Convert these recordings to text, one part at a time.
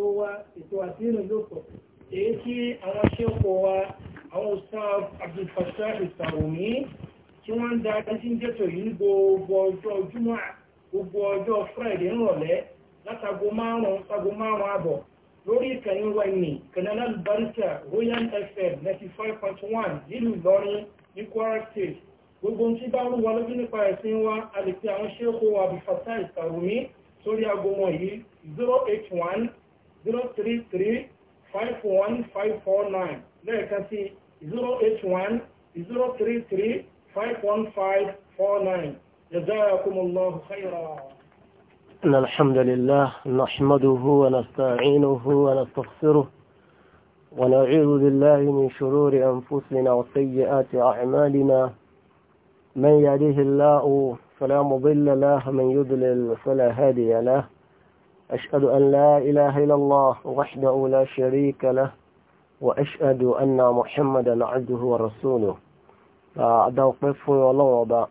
ètò wa ètò àtìrìn lópọ̀ èyí tí àwọn ṣẹ́kọ̀ọ́ wa àwọn staff Abdulfatah Ìsàwòmí tí wọ́n ń da ẹjíńdẹ́tọ̀ yìí ní gbogbo ọjọ́ Jímọ̀ gbogbo ọjọ́ Friday ńrọ̀lẹ́ látago márùn-ún sago márùn-ún àbọ̀ lórí ìkànnì wa ní kanada barista Royal FM ninety five point one nílùú Ìlọrin ní Kwara State gbogbo ohun tí bá ń wà lójú nípa ẹ̀sìn wa a lè pe àwọn ṣẹ́kọ̀ọ́ Abdulfatah Ìsàwòmí sórí agbomọ̀ yìí zero eight one zero three three five one جزاكم الله خيرا إن الحمد لله نحمده ونستعينه ونستغفره ونعوذ بالله من شرور أنفسنا وسيئات أعمالنا من يهده الله فلا مضل له من يضلل فلا هادي له أشهد أن لا إله إلا الله وحده لا شريك له وأشهد أن محمدا عبده ورسوله أدوقف والله وبا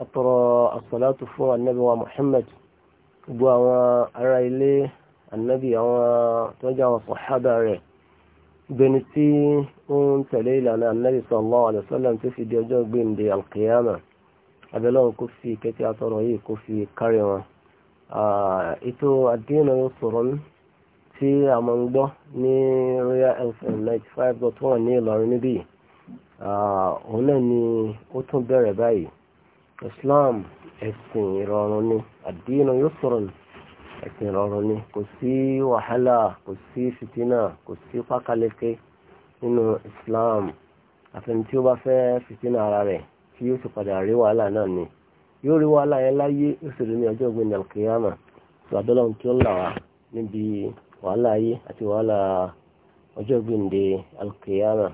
أطرى الصلاة فوق النبي ومحمد بوا أرى إليه النبي وتوجع وصحابة عليه بنتي أنت ليلة النبي صلى الله عليه وسلم تفيد يجوب بين دي القيامة أبلغ كفي كتي أطرى كفي كريمة Ah, ètò àdínà sọ̀rọ̀ tí a máa ń gbọ́ ní royal fm ninety five dot one ní ìlọrin níbí ah, òun náà ni ó tún bẹ̀rẹ̀ báyìí islam ẹ̀sìn ìrọ̀rùn ni àdínà yóò sọ̀rọ̀ ẹ̀sìn ìrọ̀rùn ni kò sí wàhálà kò sí fìtínà kò sí pákáleke nínú islam àfẹnití ó bá fẹ́ fìtínà ara rẹ̀ tí yóò sì padà rí wàhálà náà ni yóò rí wàhálà yẹn láyé yóò sì rí ní ọjọ́ ògbìn alkiyama ìgbàdọ́lọ́ tí ó ń là wá níbi wàhálà ayé àti wàhálà ọjọ́ ògbìn de alkiyama.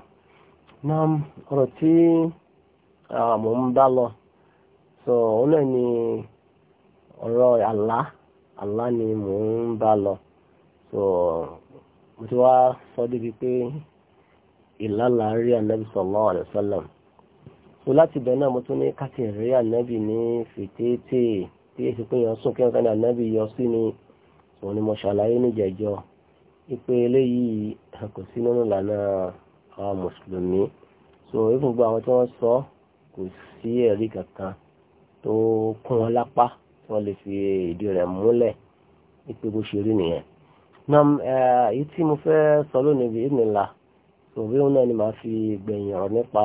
náà ọ̀rọ̀ tí mò ń bá lọ sọ òun náà ni ọ̀rọ̀ àlá àlá ni mò ń bá lọ sọ mo ti wá sọ débi pé ìlàlà rí Ànábì sallallahu alaihi so láti bẹ̀ náà mo tún ní káti rí ànábì ní fètètè tí èsì pé yàn sùn kí wọn kàn ànábì yọ sí ni òun ni mo ṣàlàyé níjẹ̀jọ́ ipe eléyìí kò sí nínú ìlànà àwọn mùsùlùmí so ìfúngbà àwọn tí wọ́n sọ kò sí ẹ̀rí kankan tó kún wọn lápá tí wọ́n lè fi ìdí rẹ̀ múlẹ̀ ipe bó ṣe rí nìyẹn nam èyí tí mo fẹ́ sọ lónìí bí ìnìlá so bí òun náà ni màá fi gbẹ̀yìn ọ̀rọ̀ nípa.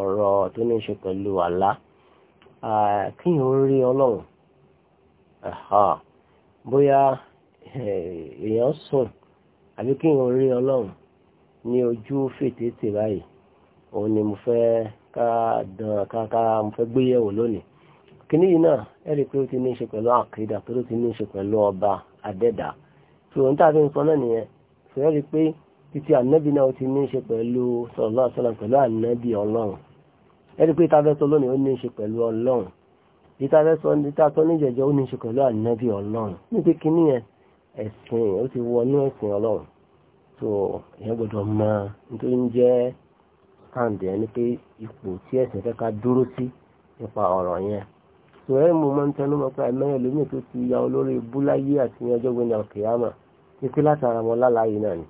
ọ̀rọ̀ tó ní ṣe pẹ̀lú àlá kí ó rí ọlọ́run bóyá eh, èèyàn sùn àbí kí ó rí ọlọ́run ní ojú fètètè báyìí òun ni mo fẹ́ ká dán ká mo fẹ́ gbéyẹ̀wò lónìí kíní náà ẹ̀rí pé ó ti ní ọba adẹ́dà náà nìyẹn fẹ́ títí ànábì náà ti ní í ṣe pẹ̀lú sallallahu alaihi wasallam pẹ̀lú ànábì ọlọ́run ẹni pé ìtafẹ́sọ lónìí ó ní í ṣe pẹ̀lú ọlọ́run ìtafẹ́sọ ìtafẹ́sọ níjẹ̀jẹ̀ ó ní í ṣe pẹ̀lú ànábì ọlọ́run níbi kíní yẹn ẹ̀sìn ó ti wọnú ẹ̀sìn ọlọ́run tó ìyẹn gbọ́dọ̀ mọ nítorí ń jẹ́ stand ẹni pé ipò tí ẹ̀sìn fẹ́ ká dúró sí nípa ọ̀rọ̀ yẹn tó ń tẹnu mọ́ pé ẹ̀mẹ́yẹ lómi tó ti ya olórí búláyé àti ọjọ́ gbẹ́ni ní pé látara mọ́ lálàyé náà ni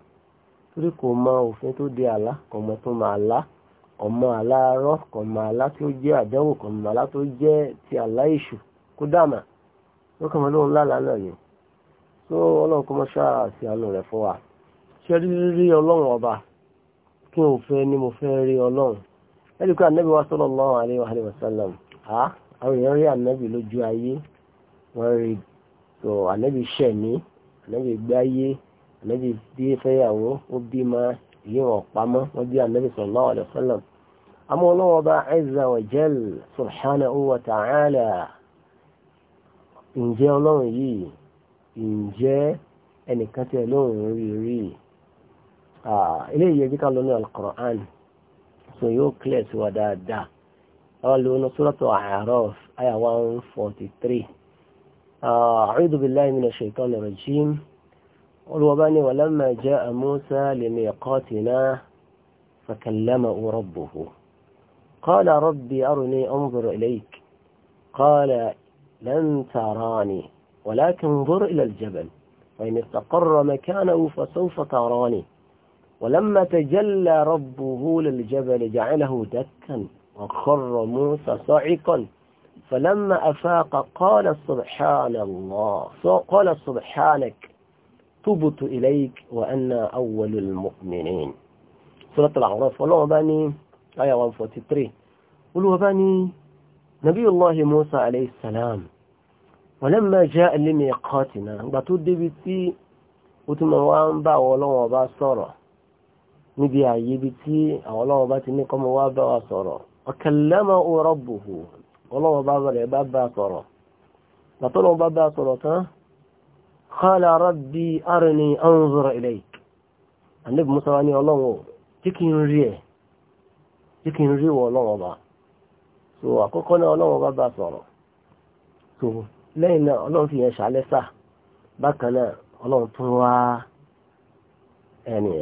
torí kò mọ òfin tó de àlá kò mọ tó mọ àlá kò mọ àlá arọ́ kò mọ àlá tó jẹ́ àdánwò kò mọ àlá tó jẹ́ ti àlá èṣù kó dàmà ló kàn mọ́ lóun lálàá náà yẹn tó ọlọ́run kó mọ́ ṣáà àánú rẹ̀ fún wa ṣé rírí ọlọ́run ọba kí n ò fẹ́ ni mo fẹ́ rí ọlọ́run ẹ̀rí pé ànábì wa sallallahu alaihi wa sallam àwọn èèyàn rí ànábì lójú ayé wọ́n rí ànábì ṣẹ̀mí ànábì gbáyé ànábì bí fẹ́yàwó ó bímọ ìyíwọ̀n pamọ́ wọ́n bí ànábì sallallahu alaihi wasallam àmọ́ ọlọ́wọ́ bá azza wa jal subhanahu wa ta'ala ǹjẹ́ ọlọ́run yìí ǹjẹ́ ẹnìkan tí ọlọ́run rí rí eléyìí ẹjí ká lọ ní al yóò clear sí wa dáadáa àwọn lónà suratu A'raf àyà 143 a'udhu billahi minash shaitani rajim. والوباني ولما جاء موسى لميقاتنا فكلمه ربه قال ربي أرني أنظر إليك قال لن تراني ولكن انظر إلى الجبل فإن استقر مكانه فسوف تراني ولما تجلى ربه للجبل جعله دكا وخر موسى صعقا فلما أفاق قال سبحان الله قال سبحانك tubutu ilayk wa anna awwalul mu'minin suratul a'raf ọlọ́wọ́ bá ní aya 143 olúwa bá ní nabiyullahi musa alayhi salam walamma ja'a li miqatina gbà tó débi tí ó tún máa wá ń bá àwọn ọlọ́wọ́ bá sọ̀rọ̀ níbi ààyè ibi tí àwọn ọlọ́wọ́ bá ti ní kọ́mọ wá bá wa sọ̀rọ̀ ọ̀kẹ̀lẹ́mọ̀ rabbuhu ọlọ́wọ́ bá rẹ̀ bá bá sọ̀rọ̀ gbà tó lọ́wọ́ bá bá sọ̀rọ̀ tán qala rabbi arini anzur ilayk ànábì a wá ní ọlọ́run tí kí n e jikin tí kí n rí so àkọ́kọ́ náà ọlọ́run ọba so lẹ́yìn náà ọlọ́run fi yẹn ṣàlẹ́ sà bákan náà ọlọ́run tún wá ẹni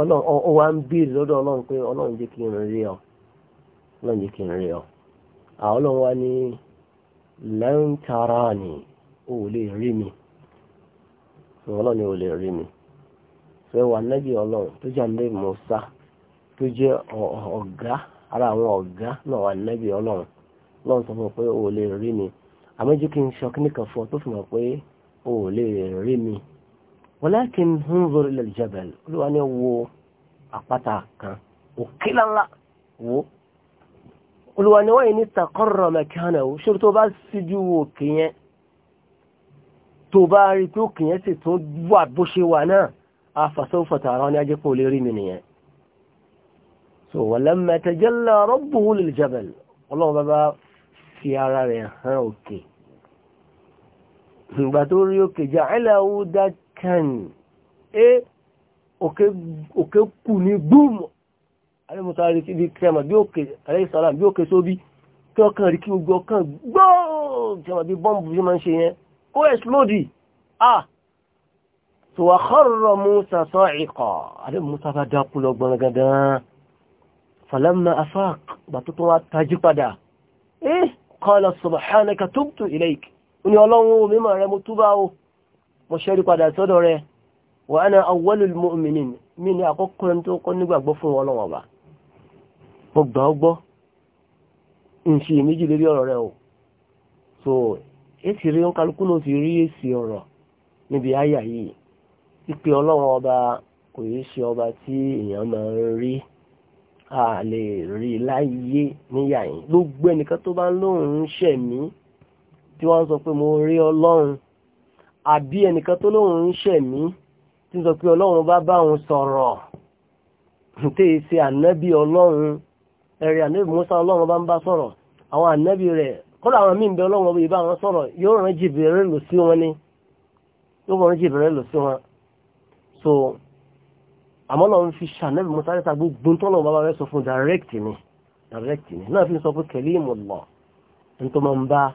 ọlọ́run ó wá ń bíìrì lọ́dọ̀ ọlọ́run ni ò lè rí mi fẹ́ wà nẹ́bí ọlọ́run tó jẹ́ tó jẹ́ ọ̀gá ara àwọn ọ̀gá náà wà nẹ́bí ọlọ́run lọ́run sọ fún ọ pé ò lè rí mi àmọ́jú kí n sọ kí nìkan fún ọ tó fi mọ̀ pé ò lè rí mi olúwa ni wo àpáta kan òkè lánlá wo olúwa ni wọ́n yìí ní taqarra makanahu ṣòro tó bá síjú òkè yẹn tó bá rí pé òkè yẹn sì tún wà bó ṣe wà náà afasawfa tara ni ajẹ́ pé ó lè rí mi nìyẹn so walamma tajalla rabbuhu lil jabal ọlọ́run bá bá fi ara rẹ̀ hàn òkè ìgbà tó rí òkè ja'alahu dakkan é òkè kù ní gbúmọ̀ alẹ́mọ̀ta rí bí kẹma bí òkè alẹ́sàlá bí òkè sóbí kí ọkàn rí gbọ́ọ̀ kó ẹ̀ṣlódì ah tó wà kọ́rọ̀ musa sọ ìkọ̀ adé musa bá dákú lọ gbọ́ngangan falamma afaq bàtú tó wá tají padà eh qala subhanaka tubtu ilayk ní ọlọ́run omi mọ̀ rẹ mo túbá o mo ṣẹ́rí padà sọ́dọ̀ rẹ wa ana awwalul mu'minin so èsì rí ń kálukú ló ti rí èsì ọ̀rọ̀ níbi àyà yìí ìpè ọlọ́run ọba kò yí ṣe ọba tí èèyàn máa ń rí a lè rí láyé níyà yìí gbogbo ẹnìkan tó bá ń lóun ń ṣẹ̀mí tí wọ́n ń sọ pé mo rí ọlọ́run àbí ẹnìkan tó lóun ń ṣẹ̀mí tí ń sọ pé ọlọ́run bá bá òun sọ̀rọ̀ tí í ṣe ànábì ọlọ́run ẹ̀rẹ̀ ànábì Mùsá ọlọ́run bá ń bá sọ̀rọ̀ àwọn ànábì rẹ̀ kọ́lá àwọn míì ń bẹ ọlọ́run ọba ìbá sọ̀rọ̀ yóò rán jìbìrẹ́ lò sí wọn ni yóò rán jìbìrẹ́ lò sí wọn so àmọ́ náà ń fi ṣànẹ́bì musa rẹ́ta gbogbo tọ́nà bàbá rẹ̀ sọ fún direct ni direct ni náà fi sọ pé kẹ̀lé ìmọ̀ lọ ní tó bá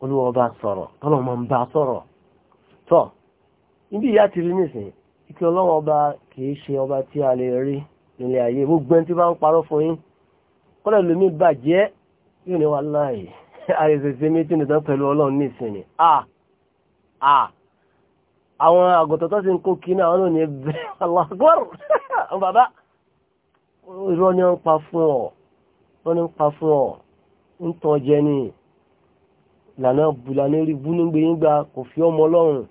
olúwa ọba sọ̀rọ̀ tọ́nà máa ń bá sọ̀rọ̀ tọ́ níbi ìyá ti rí nìsín ike ọlọ́run ọba kìí ṣe ọba tí a lè rí nílé ayé gbogbo ẹni tí bá ń parọ́ fún yín kọ́lẹ̀ lómi bàjẹ́ yóò ní wàhálà yìí àìsèsè méjì nìkan pẹ̀lú ọlọ́run ní ìsinmi àwọn àgọ̀tọ̀ tó ti ń kó kí náà wọn ò ní bẹ́ alágbọ́rù bàbá irọ́ ni wọ́n pa fún ọ wọ́n ní pa fún ọ ń tọ́ jẹ ní ìlànà ìlànà eré búnígbéyìngbà kò fi ọmọ ọlọ́run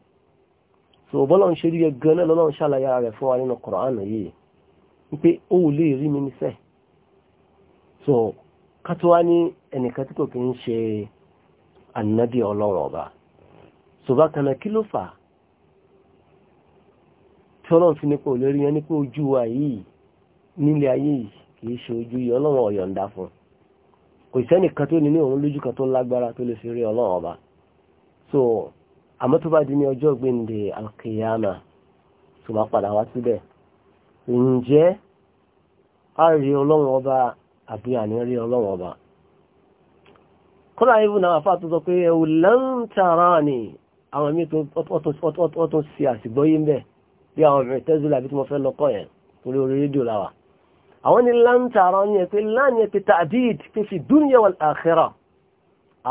so bọ́lọ̀ ń ṣe rí ẹgbẹ́ náà lọ́lọ́run ṣàlàyé rẹ̀ fún wa nínú Kùránì kátó wá ní ẹnìkan tí kò kí ń ṣe ànábì ọlọ́run ọba ṣùgbọ́n kan náà kí ló fà á tí ọlọ́run fi ní pé olórí yẹn ní pé ojú wa yìí nílé ayé yìí kìí ṣe ojú yìí ọlọ́run fún fi rí ọlọ́run ọba so àmọ́ tó bá di ní ọjọ́ gbèǹde alkiyama tó bá padà wá ọba àbí àní rí ọlọ́wọ́ ọba kọ́lá ibùn náà àfáà tó sọ pé ẹ̀wù lẹ́ńtàrá ni àwọn míì tó ọtún sí àsìgbọ́yé ń bẹ̀ bí àwọn obìnrin tẹ́sílẹ̀ àbí tí mo fẹ́ lọ́kọ̀ yẹn torí orí rédíò làwà àwọn ni láńtàrá ni ẹ̀pẹ́ láàní ẹ̀pẹ́ tàbíd pé fi dúnìyà wal akhirah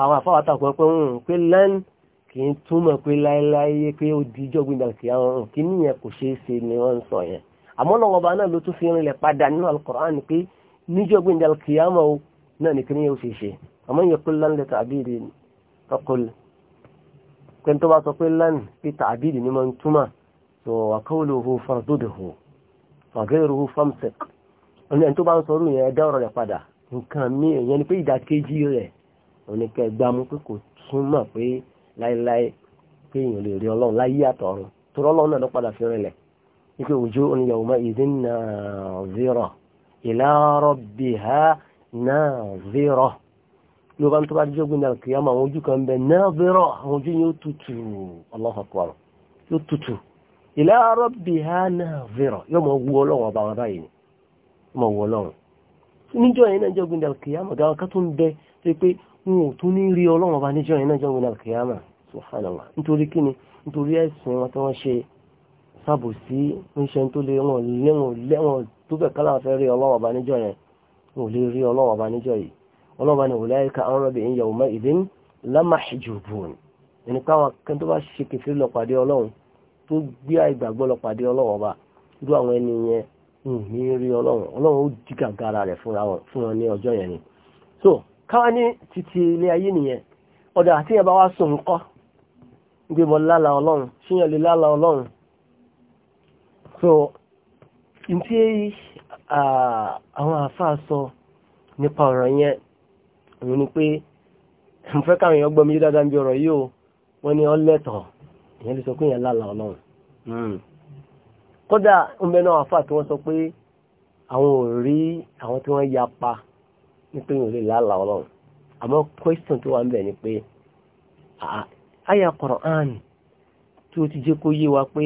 àwọn àfáà àtàkùn ẹ̀pẹ́ ń pé lẹ́n kì í túmọ̀ níjọ́ gbẹ̀ndẹ̀ alkiyama o náà ní kíní yóò ṣe ṣe àmọ́ yẹ kó lánà lẹ́tà àbídì ọkùl pẹ̀lú tó bá sọ pé lánà lẹ́tà àbídì ni máa ń túmọ̀ tó àkọ́wọ́lò hù fàdúdò hù fàgẹ́rù hù fàmsẹ̀k ọ̀nà ẹni tó bá ń sọ rú yẹn ẹ̀dá ọ̀rọ̀ rẹ̀ padà nǹkan mi ìyẹn ni pé ìdàkejì rẹ̀ oníkẹ́ gbámú pé kò túmọ̀ pé láéláé pé èèyàn lè rí ila rabbiha nazira ló bá ń tó bá jógun náà kìí àmà àwọn ojú kan bẹ nazira àwọn ojú yóò tutù Allahu akbar yóò tutù ila rabbiha nazira yóò mọ̀ wú ọlọ́run ọba wọn báyìí mọ̀ wú ọlọ́run níjọ́ yẹn náà jọ́gbìn dàl kìyàmà dáwọn ká tó ń bẹ tó pé wọn ò tún ní rí ọlọ́run ọba níjọ́ yẹn náà jọ́gbìn dàl kìyàmà subhanallah nítorí nítorí ẹ̀sìn wọn tí wọ́n tó bẹ̀ kálá fẹ́ rí ọlọ́wọ́ bá níjọ́ yẹn ò lè rí ọlọ́wọ́ bá níjọ́ yìí ọlọ́wọ́ bá ní ulaika an rabbihim yawma idhin lamahjubun ẹni káwọn kan tó bá ṣe kẹfẹ́ lọ pàdé ọlọ́run tó gbé àìgbàgbọ́ lọ ọlọ́wọ́ bá irú àwọn ẹni yẹn ní rí ọlọ́run ọlọ́run ó di gàgàrà rẹ̀ fún wọn ní ọjọ́ yẹn ni so káwọn ní títí ilé ayé nìyẹn ọ̀dà àti yẹn bá wá sùn ńkọ́ gbé mọ́ lálàá ọlọ́run ṣíyàn lè lálàá ọlọ́run so tí àwọn àfáà sọ nípa ọ̀rọ̀ yẹn òun ni pé mo fẹ́ káwọn èèyàn gbọ́mi dáadáa ń bí ọ̀rọ̀ yìí o wọ́n ní ọlẹ́tọ̀ ìyẹn lè sọ pé èèyàn lálà ọlọ́run hmm. kódà ń bẹ náà àfáà tí wọ́n sọ pé àwọn ò rí àwọn tí wọ́n yapa ní pé èèyàn lè lálà ọlọ́run àmọ́ question tó wà ń bẹ ni pé àyà Qur'an tó ti jẹ́ kó yé wa pé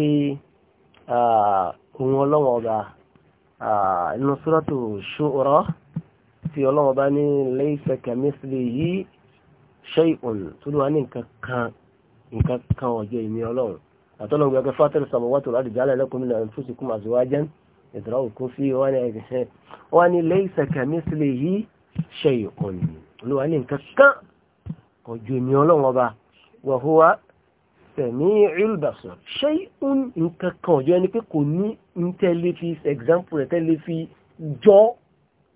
òun ọlọ́wọ́ ọba inú suratu Shu'ara tí ọlọ́wọ́ bá ní laysa kamithlihi shay'un tó ló wá ní nǹkan kan nǹkan kan ọ̀jọ̀ ìmí ọlọ́run àtọ́lọ́gbẹ̀ ọgbẹ́ fátẹ́lì samawati wal ardi ja'ala lakum min anfusikum azwajan idra'ukum fi wọ́n ẹ̀ṣẹ́ wọ́n ní laysa kamithlihi shay'un ló wá ní nǹkan kan ọ̀jọ̀ ìmí ọlọ́run ọba wa huwa sami'ul basir shay'un nǹkan kan ọ̀jọ̀ ẹni pé kò ní ń tẹ́lé fi example rẹ̀ tẹ́lé fi jọ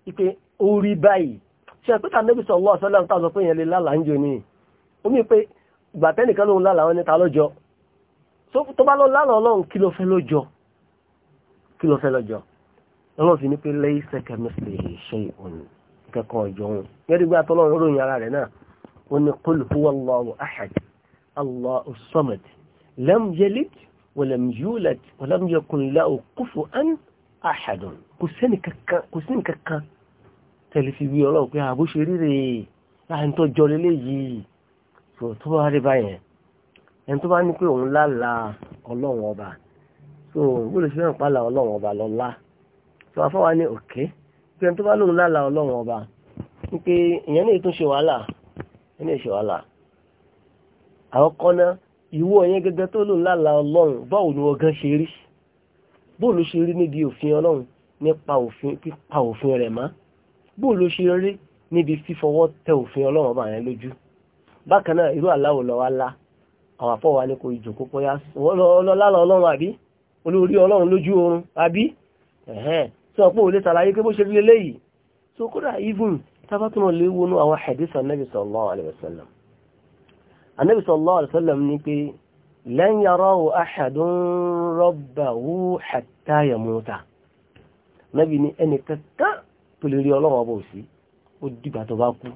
ipe orí báyìí ṣe àpẹta nẹ́bí sọ̀lọ́ ọ̀sọ́lá ń tàbí pé yẹn lè lálàá ń jò ní omi pé gbàtẹ́nìkan lóun lálàá wọn níta lọ́jọ́ tó bá lọ lálàá ọlọ́run kí ló fẹ́ lọ́jọ́ ọlọ́run fi ní pé lẹ́yìn sẹ́kẹ̀mẹ́sì ṣe òun kẹ́kọ̀ọ́ ọjọ́ òun gẹ́gẹ́ bí atọ́lọ́run ròyìn ara rẹ̀ náà ó ní qul huwallahu ahad allahu samad ولم يولد ولم يكن له كفوا أحد kò sẹ́ni kankan kò sẹ́ni kankan tẹ̀lé fi wí ọlọ́run pé àbó ṣe rí rèé láàrin tó jọ lélẹ̀ yìí tó tó bá rí báyẹn ẹni tó bá ní pé òun lála ọlọ́run ọba tó gbọ́dọ̀ ṣe fẹ́ràn pàlà ọlọ́run ọba lọ́la tó afọ́wá ní òkè pé ẹni tó bá lóun lála ọlọ́run ọba ní pé ìyẹn ní ètò ṣe wàhálà ìyẹn ní ètò ṣe wàhálà àwọn kọ́ná ìwọ yẹn gẹ́gẹ́ tó lò ńlála ọlọ́run báwo ni ọgán ṣe rí bóòlù ṣe rí níbi òfin ọlọ́run nípa òfin pípa òfin rẹ̀ mọ́ bóòlù ṣe rí níbi fífọwọ́ tẹ òfin ọlọ́run ọba yẹn lójú bákan náà irú aláwò lọ́wọ́ lá àwọn afọ́wà ní kò ìjòkó pọ́yá ọlọ́lá ọlọ́run àbí olórí ọlọ́run lójú oorun àbí ẹ̀hẹ́n tí ọ̀pọ̀ òlé tàlàyé pé bó ṣe rí eléyìí so kódà even tábàtúmọ̀ léwu nú àwọn hadith Ànábì sallallahu alaihi wasallam anabi sallallahu alaihi wasallam ní pé lan yarahu ahadun rabbahu hatta yamuta nábì ní ẹnì kankan tó lè rí ọlọ́run ọba òsì ó dìgbà tó bá kú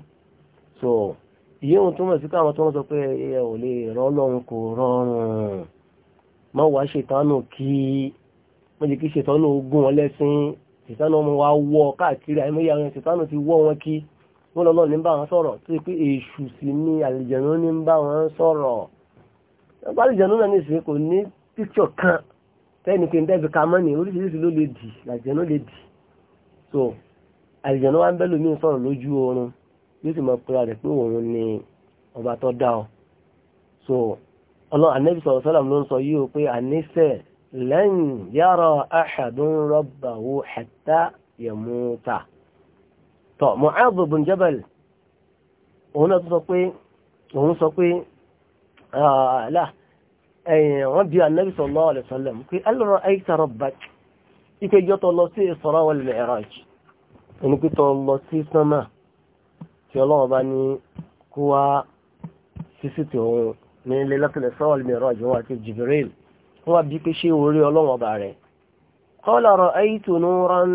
so ìyóhun túmọ̀ sí káwọn tó ń sọ pé ẹ ò lè rọ ọlọ́run kò rọrùn má wàá ṣètánù kí má jẹ́ kí ṣètánù ogun wọn lẹ́sìn ṣètánù ọmọ wa wọ káàkiri àìmọye àwọn ṣètánù ti wọ́ wọn kí. wọ́n lọ́lọ́ ní bá wọn sọ̀rọ̀ tó pé èṣù ni àlìjẹ̀nú ní bá wọn sọ̀rọ̀ àlìjẹ̀nú náà ní ìsìn kò ní kan tẹ́ni pé ndẹ́bi ka mọ́ni oríṣiríṣi ló lè dì àlìjẹ̀nú lè dì so àlìjẹ̀nú wa ń bẹ́ lómi sọ̀rọ̀ lójú oorun yóò sì pera rẹ̀ pé òun ni ọba tó dá ọ so sọ̀rọ̀ sọ́làm sọ o pé tọ́ Mu'adh bin Jabal òun náà sọ pé òun sọ pé àlá ẹ̀yìn wọ́n bí Annabi sallallahu alaihi wasallam pé alọ́rọ̀ ayíta rabbak ike jọ tọ́ lọ sí Isra wal Mi'raj ẹni pé tọ́ lọ sí sánmà tí ọlọ́wọ́ bá ní kó wá sísí tí òun ní ilé látìlẹ̀ Isra wal Mi'raj wọn àti Jibril wọ́n bí pé ṣé orí ọlọ́wọ́ bá rẹ̀ qala ra'aytu nuran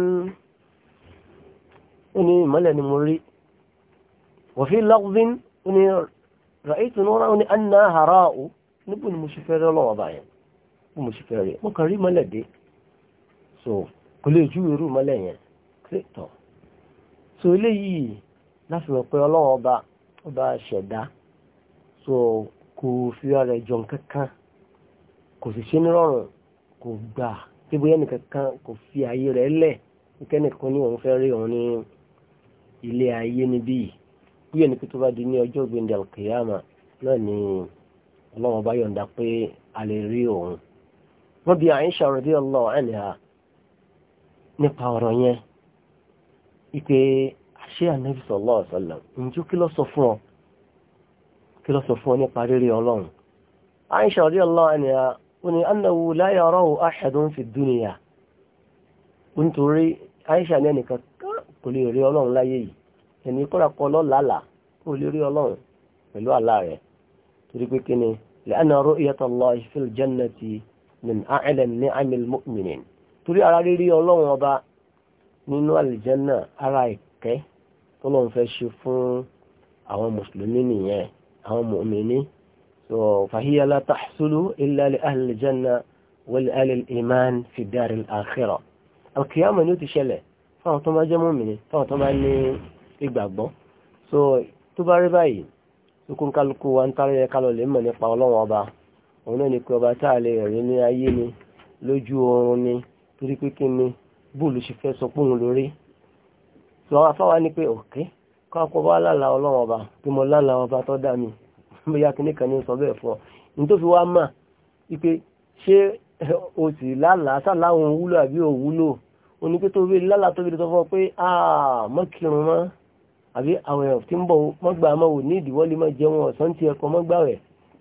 ó ní ìmọ́lẹ̀ ni mo rí wa fi lafzin ó ní ra'aytu nuran ó ní anna hara'u ni mo ṣe fẹ́ rẹ́ lọ́wọ́ báyẹn bí mo mo kàn rí ìmọ́lẹ̀ so kò lè ju irú ìmọ́lẹ̀ yẹn kírétọ̀ so eléyìí láti mọ̀ pé ọlọ́wọ́ ọba ọba ṣẹ̀dá so kò fi ara ẹ̀ jọ nǹkan kan kò sì ṣe nírọ̀rùn kò gbà tí bóyá nìkan fi ààyè rẹ̀ lẹ̀ nìkan nìkan ní òun fẹ́ rí òun ní ilé ayé níbí yìí bí ẹni pé tó bá di ní ọjọ́ gbẹ̀ndẹ̀ alkiyama náà ni ọlọ́wọ́n bá yọ̀ǹda pé a lè rí òun. wọ́n bi Aisha radiyallahu anha nípa ọ̀rọ̀ yẹn ipe àṣẹ anabi sallallahu alaihi wasallam ǹjọ́ kí ló sọ fún ọ kí ló sọ fún ọ nípa rírí ọlọ́run. Aisha radiyallahu anha ó ní annahu la yarahu ahadun fi dunya nítorí Aisha ní ẹnìkan kò lè rí ọlọ́run láyé yìí ẹni kọ́ra kọ́ lọ́làlà kò lè rí ọlọ́run pẹ̀lú àlá rẹ̀ torí pé kí ni lẹ́nà ru'yatullahi fil jannati min a'la ni'amil mu'minin torí ara rírí ọlọ́run ọba nínú àlìjánà ara ìkẹ́ tọ́lọ́run fẹ́ ṣe fún àwọn mùsùlùmí nìyẹn àwọn mu'mini so fahiya la tahsulu illa li ahli aljanna wal ahli al iman fi dar al ni ó ti ṣẹlẹ̀ fáwọn tó bá jẹ́ mọ́mìnì fáwọn tó bá ní ìgbàgbọ́ so tó bá rí báyìí tó kún kálukú wa ń tàrí ẹ̀ka lọ lè mọ̀ nípa ọlọ́run ọba òun náà ni pé ọba tá a lè rí ní ayé ni lójú oorun ni torí pé kí ni bóòlù ṣe fẹ́ sọ póun lórí so àwọn afáwa ni pé òkè kọ́ akọ bá lálàá ọlọ́run ọba kí mo lálàá ọba tó dá mi bóyá kí nìkan ní sọ bẹ́ẹ̀ fún ọ nítorí fi wá mà wípé ṣé o sì lálàá sàláwọn wúlò àbí òwúlò oníkó tó rí lálà tó rí sọfọ́ pé àmọ́ kírun mọ́ àbí àwọn èèyàn tí ń bọ̀ mọ́gbà mọ́ ò ní ìdíwọ́lé mọ́ jẹun ọ̀sán tí ẹkọ mọ́gbà rẹ̀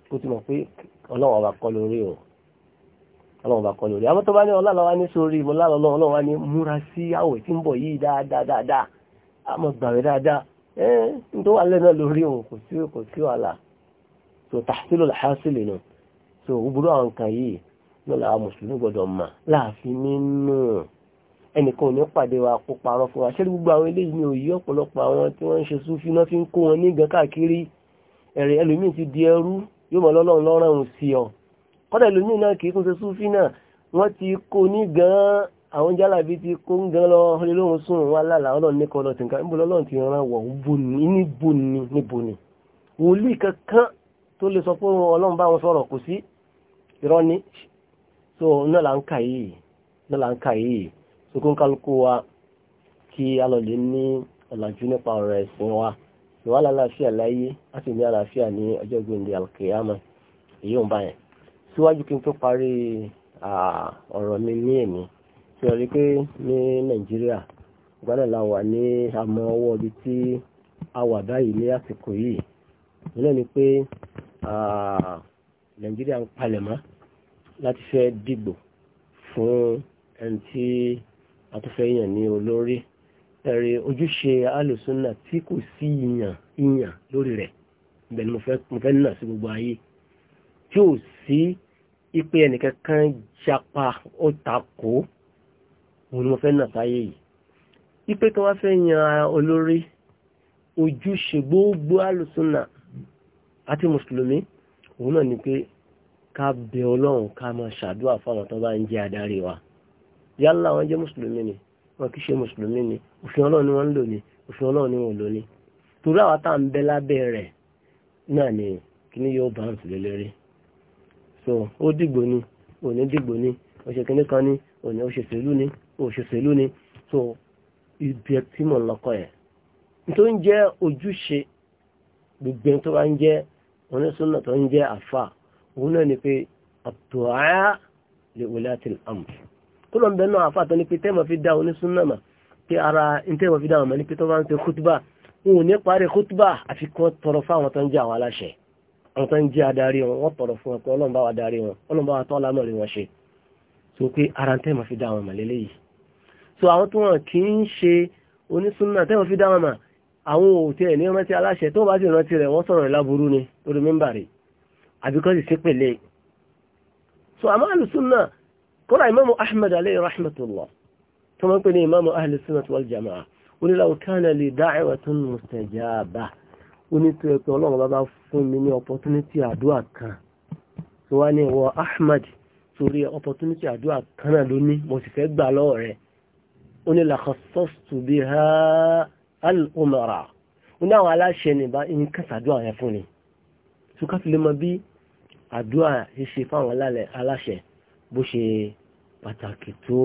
kó ti mọ̀ pé ọlọ́run ọba kọ́ lórí o ọlọ́run ọba kọ́ lórí àwọn tó bá ní ọlọ́run wa ní sórí mo lálọ́ ọlọ́run ọlọ́run wa ní múra sí àwẹ̀ tí ń bọ̀ yìí dáadáa dáadáa àmọ́ gbà rẹ̀ dáadáa ẹ́ ń tó wà lẹ́nu lórí o kò sí kò sí wàhálà so tàṣílò làṣílè nù so gbogbo àwọn nǹkan yìí lọ́la mùsùlùmí gbọ́dọ̀ mà láàfin nínú ẹnìkan ní pàdé wa kó parọ́ fún wa gbogbo àwọn eléyìí ni òyí ọ̀pọ̀lọpọ̀ àwọn tí wọ́n ń ṣe fi ń kó wọn gan káàkiri ẹ̀rẹ̀ ti di ẹrú yóò mọ lọ́lọ́run lọ́rọ̀ ọ kọ́dà ẹlòmíì náà kì í kún ṣe wọ́n ti kó nígan àwọn jálàbí ti kó ń gan lọ ọlẹ́ lóhun wọn ọlọ́run ní kọlọ tìǹkà níbo lọ́lọ́run ti ràn wọ̀ Sukun kálukú wa kí a lọ lè ní ọ̀làjú nípa ọ̀rọ̀ ẹ̀sìn wa ìwà lálàáfíà láyé a sì ní àlàáfíà ní ọjọ́ ìgbìndì alkiyama èyí ò bá yẹn síwájú kí n tó parí ọ̀rọ̀ mi ní èmi tí wọ́n rí pé ní nàìjíríà gbọ́dọ̀ la wà ní àmọ́ ọwọ́ ibi tí a wà báyìí ní àsìkò yìí nílẹ̀ ni pé nàìjíríà ń palẹ̀mọ́ láti fẹ́ dìbò fún ẹni tí àtúfẹ́ yàn ní olórí ẹ̀rí ojúṣe alùsùnà tí kò sí ìyàn ìyàn lórí rẹ̀ bẹ́ẹ̀ ni mo fẹ́ nà sí gbogbo ayé tí ò sí ipe ẹnìkankan japa ó takò òun mo fẹ́ nà sáyé yìí ipe tí wọ́n fẹ́ yan olórí ojúṣe gbogbo alùsùnà àti mùsùlùmí òun náà ni pé ká bẹ ọlọ́run ká máa ṣàdúrà fáwọn tó bá ń jẹ́ adarí wa yálà wọ́n jẹ́ mùsùlùmí ni wọ́n kì í ṣe mùsùlùmí ni òfin ọlọ́run ni wọ́n ń lò ní òfin ọlọ́run ni wọ́n lò ní torí àwọn tá à ń bẹ lábẹ́ rẹ̀ náà ni kíní yóò bá ń sùlẹ̀ lérí so ó dìgbò ni òní dìgbò ni òṣè kíní kan ni òní òṣèṣèlú ni òṣèṣèlú ni so ibi tí mò ń lọ́kọ̀ yẹn nítorí ń jẹ́ ojúṣe gbogbo tó bá ń jẹ́ onísùnà tó ń jẹ́ àfà òun náà ni pé àtúwáyà lè wọlé àti àmì tó lọ ń bẹ náà àfàtọ́ ní pé tẹ́mọ̀ fi dá onísúnnà mà pé ara tẹ́mọ̀ fi dá wọn mọ̀ ní pé tó bá ń ṣe kútúbà wọn ò ní parí kútúbà àfi kan tọrọ fáwọn tó ń jẹ́ àwọn aláṣẹ àwọn tó ń jẹ́ adarí wọn wọ́n tọrọ fún wọn pé ọlọ́run bá wa darí wọn ọlọ́run bá wa tọ́ lámọ̀ rí wọn ṣe so pé ara tẹ́mọ̀ fi dá wọn mọ̀ lélẹ́yìí so àwọn tó wọn kì í ṣe onísúnnà tẹ́mọ̀ fi dá kódà imamu ahmed alayhi rahmatullah tó máa ń pè ní imamu ahli sunnah wal jama'a oní law kana li da'watun mustajaba oní tó yẹ pé ọlọ́run bá bá fún mi ní opportunity àdúrà kan tó wá ní ìwọ ahmed torí opportunity àdúrà kan náà ló ní mo sì fẹ́ gbà lọ́wọ́ rẹ̀ oní la khassastu biha al-umara oní àwọn aláṣẹ nìbá nǹkan sàdúrà yẹn fún ni tó ká lè mọ bí àdúrà ṣe fáwọn aláṣẹ bó ṣe pàtàkì tó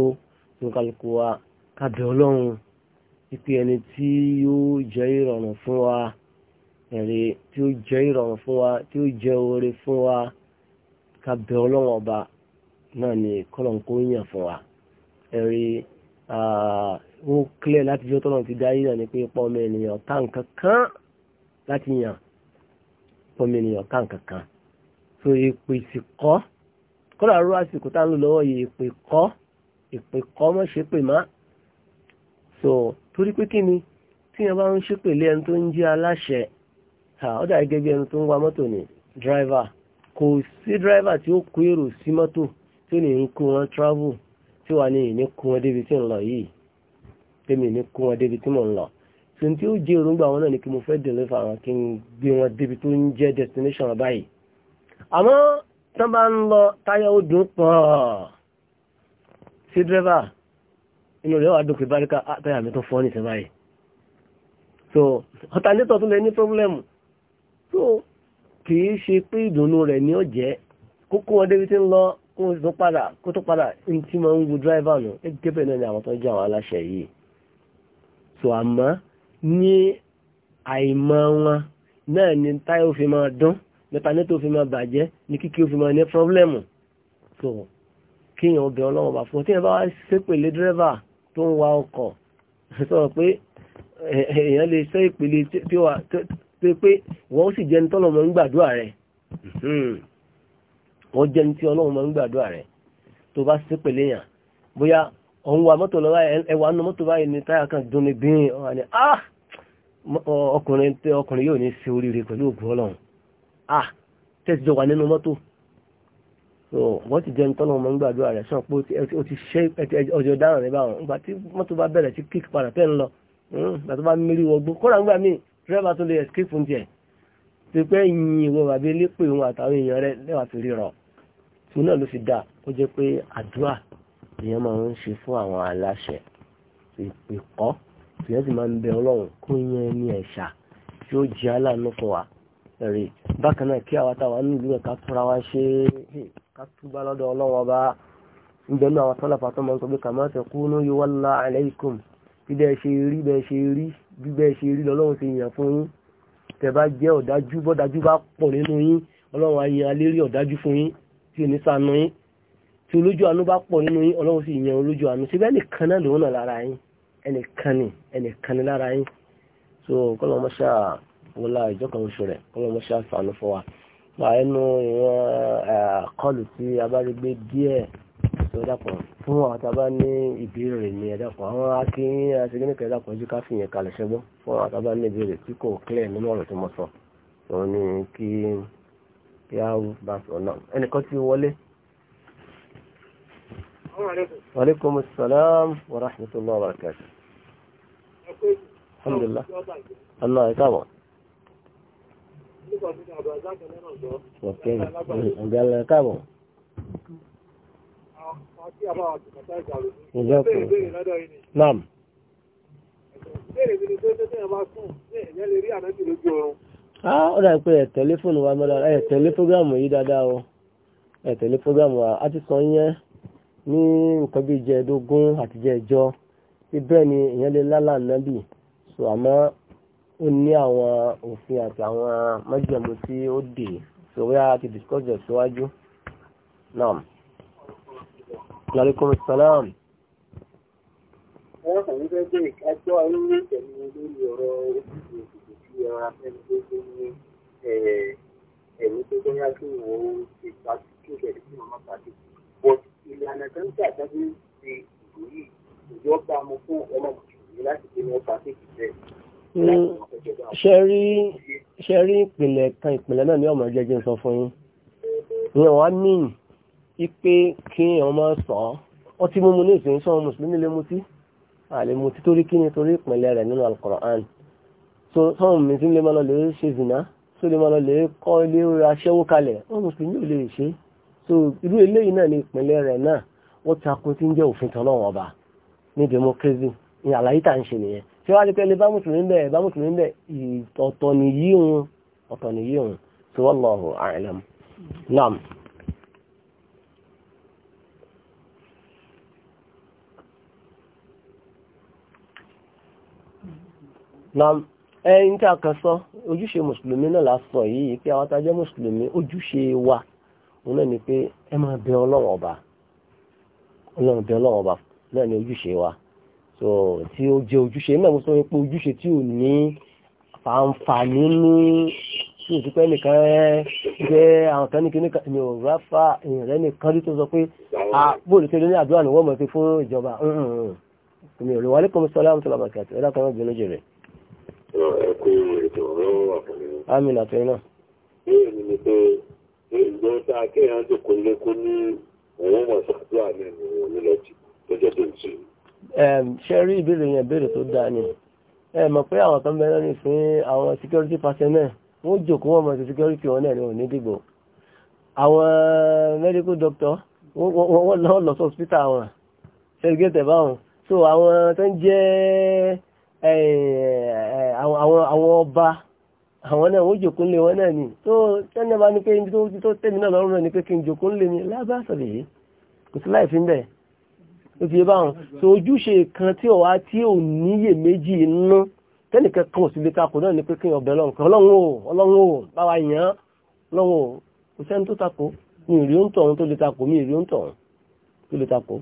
níkàlùkù wa kábẹ̀ ọlọ́run wípé ẹni tí yóò jẹ́ ìrọ̀rùn fún wa ẹ̀rẹ́ tí ó jẹ́ ìrọ̀rùn fún wa tí ó jẹ́ oore fún wa kábẹ̀ ọlọ́run ọba náà ni kọ́lọ̀ǹkó yàn fún wa ẹ̀rẹ́ ó kílẹ̀ láti jọ́ tọ́lọ̀ ti dá yíyàn ni pé pọ́ọ̀mù ènìyàn ká nǹkan kan láti yàn pọ́ọ̀mù ènìyàn ká nǹkan kan so ìpèsè kọ́ kọ́lá rú àsìkò tá ń lò lọ́wọ́ yìí ìpè kọ́ mọ́ ṣe pè má so torí pé kí ni tí yẹn bá ń ṣe pèlé ẹni tó ń jẹ́ aláṣẹ ó dà gẹ́gẹ́ bí ẹni tó ń wa mọ́tò ni driver kò sí driver tí ó kó èrò sí mọ́tò tí ó ní ń kó wọn travel tí wà ní ìní kó wọn débi tí ń lọ yìí tèmi ní kó wọn débi tí mò ń lọ tí tí ó jẹ́ èròǹgbà wọn náà ni kí mo fẹ́ deliver àwọn kí n gbé wọn débi tó ń jẹ́ destination báyìí àmọ́ tán bá ń lọ táyà ó dùn pọ̀ sí dírẹ́fà inú rẹ̀ wà dùn pé báríkà ah, táyà mi fọ́ ní ìsinmi so ọ̀tàlétọ̀ tún lè ní pọ́blẹ́mù so kìí ṣe pé ìdùnnú rẹ̀ ní ọ̀jẹ́ kókó wọn débi tí ń lọ kó tó padà kó tó padà ní tí máa ń wu dírẹ́fà nù ẹgbẹ́ náà ni àwọn tó ń jẹ́ àwọn aláṣẹ yìí so àmọ́ ní àìmọ̀ wọn náà ni táyà ó fi máa dún mẹtanẹ́tì ó fi máa bàjẹ́ ní kíkí ó fi máa ní pọ́blẹ́mù tó kíyàn obìnrin ọlọ́wọ́ bá fún tíyàn bá wá ṣépèlé dírẹ́fà tó ń wa ọkọ̀ sọ̀rọ̀ pé èèyàn lè ṣe ìpele tí ó wà pé pé wọ́n sì jẹni tọ́lọ̀ mọ́ ń gbàdúrà rẹ̀ hmm. wọ́n jẹni tí ọlọ́run mọ́ ń gbàdúrà rẹ̀ tó bá ṣépèlé yàn bóyá òun wa mọ́tò lọ́wọ́ ẹwà nù mọ́tò báyìí ni táyà kan dún ní bíi ah! ọkùnrin yóò ní ṣe oríire pẹ̀lú ògùn ọlọ́run Ah, tẹ́síjọ wà nínú mọ́tò wọ́n ti jẹun tọ́nà ọmọ gbàdúrà rẹ̀ sàn pé o ti ṣe ọjọ́ dáhùn rẹ̀ báwọn ìgbà tí mọ́tò bá bẹ̀rẹ̀ sí kíkì padà tẹ́ ń lọ hmm, ìgbà tó bá mérí wọgbó kóra ń gbà mí dírẹ́bà tó lè escape fún tiẹ̀ ti pẹ́ yin ìwọ bàbá elépè òun àtàwọn èèyàn rẹ̀ lẹ́wà fi ríran tún náà ló fi dáa ó jẹ́ pé àdúrà èèyàn máa ń ṣe fún àwọn aláṣẹ ìpèkọ́ èèyàn sì máa ń bẹ ọlọ́run kó yan ẹni ẹ̀ṣà tí ó jẹ́ aláàánú fún wa ẹ̀rí bákan náà kí àwọn táwọn nílùú ẹ̀ka túnra wá ṣe ká túbá lọ́dọ̀ ọlọ́wọ́ bá ń bẹ náà àwọn sọ́lọ́pàá tó máa ń sọ pé kàmá ṣe kú ní yíwá ńlá alaykum bí bẹ́ẹ̀ ṣe rí bẹ́ẹ̀ ṣe rí bí bẹ́ẹ̀ ṣe rí lọ́lọ́run ti yàn fún yín tẹ̀ bá jẹ́ ọ̀dájú bọ́dájú bá pọ̀ nínú yín ọlọ́run ayé alérí ọ̀dájú fún yín tí ò ní sànú yín tí olójú àánú bá pọ̀ nínú yín ọlọ́run sì yàn olójú àánú síbẹ̀ ẹnìkan náà lòun náà lára yín wọlá ìjọ kan oṣù rẹ̀ kọ́lọ́mọ ṣe àǹfààní fún wa pa ẹnu ìwọ̀n kọlù tí a bá rí gbé díẹ̀ tó dàpọ̀ fún wa tá a bá ní ìbéèrè ní ẹ̀dàpọ̀ àwọn akínyìn aṣègbè ẹ̀dàpọ̀ ojú ká fìyẹn kalẹ̀ ṣẹ́gbọ́n fún wa tá a bá ní ìbéèrè tí kò clear nínú ọ̀rọ̀ tí mo sọ òun ni kí a bá sọ náà ẹnìkan ti wọlé. Wàlékùn Mùsùlùmí wa rahmatullahi wa barakatuh. Alhamdulillah. Allah ọ̀kẹ́ ọ̀gá lẹ káàbọ̀. ǹjẹ́ kò nam. ó dà pé ẹ̀ tẹ̀lé fóònù wa mọ́ra ẹ̀ tẹ̀lé fógrámù yìí dáadáa o ẹ̀ tẹ̀lé fógrámù wa a ti sọ yẹn ní nǹkan bíi jẹ́ẹ̀dógún àti jẹ́ẹ̀jọ bẹ́ẹ̀ ni ìyẹn lè lálàá nábì so àmọ́ ó ní àwọn òfin àti àwọn májẹ̀mú tí ó dè so wíyá ti discuss jẹ̀ síwájú náà. Alaikum salaam. ìjọba mo fún ọmọ mùsùlùmí láti gbé wọn pàṣẹ kìí bẹ́ẹ̀. Mm, ṣe rí ìpìlẹ̀ kan ìpìlẹ̀ náà ní ọmọ jẹ́jẹ́ sọ fún yín ìyẹn wá ní ipé kí èèyàn máa sọ ọ tí mú mu ní ìsìn sọ mùsùlùmí lè mutí àlè mutí torí kí ni torí ìpìlẹ̀ rẹ̀ nínú alukoran so sọ́hùn mi sí lè máa lọ lè ṣe zìnà so lè máa lè kọ́ ilé aṣẹ́wó kalẹ̀ ọ mùsùlùmí ò lè ṣe so irú eléyìí náà ní ìpìlẹ̀ rẹ̀ náà wọ́n takun tí ń jẹ́ òfin tọ́lọ́wọ́n ọba ní democracy ní àlàyé tá à ń ṣe nìyẹn tí wọ́n á ti pẹ́ lé bá mùsùlùmí bẹ́ẹ̀ bá mùsùlùmí bẹ́ẹ̀ ọ̀tọ̀ nìyí òun ọ̀tọ̀ nìyí òun tí wọ́n lọ ọ̀hún àìlẹ́m nam. nam ẹyin tí a kan sọ ojúṣe mùsùlùmí náà la sọ yìí pé àwọn tájẹ́ mùsùlùmí ojúṣe wa náà ni pé ẹ máa bẹ ọlọ́run ọba ọlọ́run ọba náà ni ojúṣe wa so tí ó jẹ ojúṣe náà mo sọ pé ojúṣe tí ò ni, àǹfààní ní tí o ti pẹ́ nìkan jẹ́ àwọn kan ní kíní kan ní òráfà ìrẹ́ nìkan rí tó sọ pé àbúrò tí ó ní àdúrà ní wọ́n mọ̀ sí fún ìjọba mm, mm, mm. mi ò lè wọlé kọ́mí sọ́lá àwọn tọ́lábà kẹ́tù ẹ̀dá kan bínú jèrè. àmì ìlàtọ̀ iná. bẹ́ẹ̀ ni pé ìgbọ́n tá a kéèyàn jòkó ni, kó ní òun mọ̀ ni àmì ìrìn òun lọ́jọ́ tó ń sìn. ṣe rí ìbéèrè yẹn béèrè tó dáa ni ẹ mọ̀ pé àwọn kan bẹ́ẹ̀ ní fún àwọn security wọ́n jòkó wọn mọ̀ sí security wọn náà ni wọn ní dìbò àwọn medical doctor wọ́n lọ lọ sí hospital wọn ṣẹ́gẹ́tẹ̀ báwọn so àwọn tó ń jẹ́ àwọn ọba àwọn náà wọ́n jòkó lé wọn náà ni tó tẹ́lẹ̀ bá ní pé ibi tó tẹ́mi náà lọ́rùn náà mi lábẹ́ àṣọ ló fi báwọn so ojúṣe kan tí ọ̀wá tí ò níyè méjì inú tẹ́nìkan kan ò sì lè takò náà ni pé kí ọ̀bẹ̀ lọ́nkàn ọlọ́run ò ọlọ́run ò báwa yàn án ọlọ́run ò kò sẹ́ni tó takò mi ò rí ó ń tọ̀hún tó lè takò mi ò rí ó ń tọ̀hún tó lè takò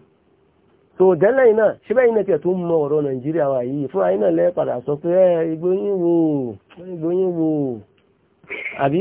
so dẹ́lẹ̀ iná ṣíbẹ̀ iná tiẹ̀ tó mọ ọ̀rọ̀ nàìjíríà wa yìí fúnra iná lẹ́ padà sọ pé ẹ ìgbóyìn wo ìgbóyìn wo àbí.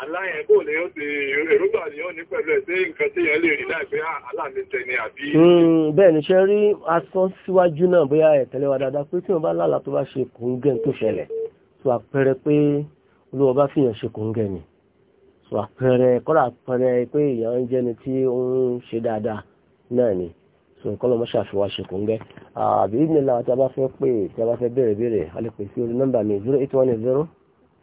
aláyẹn kò lè ó ti èrògbà ni ó ní pẹ̀lú ẹ̀sẹ̀ nǹkan tí yẹn lè rí láìpẹ́ ah, aláàmìtẹ̀ ni àbí. Hmm, bẹ́ẹ̀ ni ṣe rí aṣọ síwájú náà bóyá ẹ̀tẹ́lẹ̀ wa dáadáa pé tí wọ́n bá lálàá tó bá ṣe kòńgẹ́ tó ṣẹlẹ̀ tó àpẹẹrẹ pé olúwa bá fìyàn ṣe kòńgẹ́ ni tó àpẹẹrẹ kọ́ra àpẹẹrẹ pé èèyàn ń jẹ́ni tí ó ń ṣe dáadáa náà ni tó ah, nǹkan zero أبو 08103351519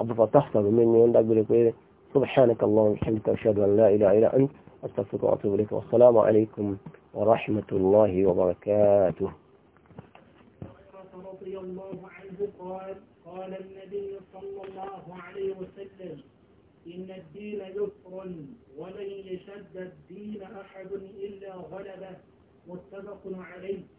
عبد الفتاح طلب مني يقول لك سبحانك اللهم وبحمدك اشهد ان لا اله الا انت استغفرك واتوب اليك والسلام عليكم ورحمه الله وبركاته رضي الله عنه قال قال النبي صلى الله عليه وسلم إن الدين يسر ولن يشد الدين أحد إلا غلبه متفق عليه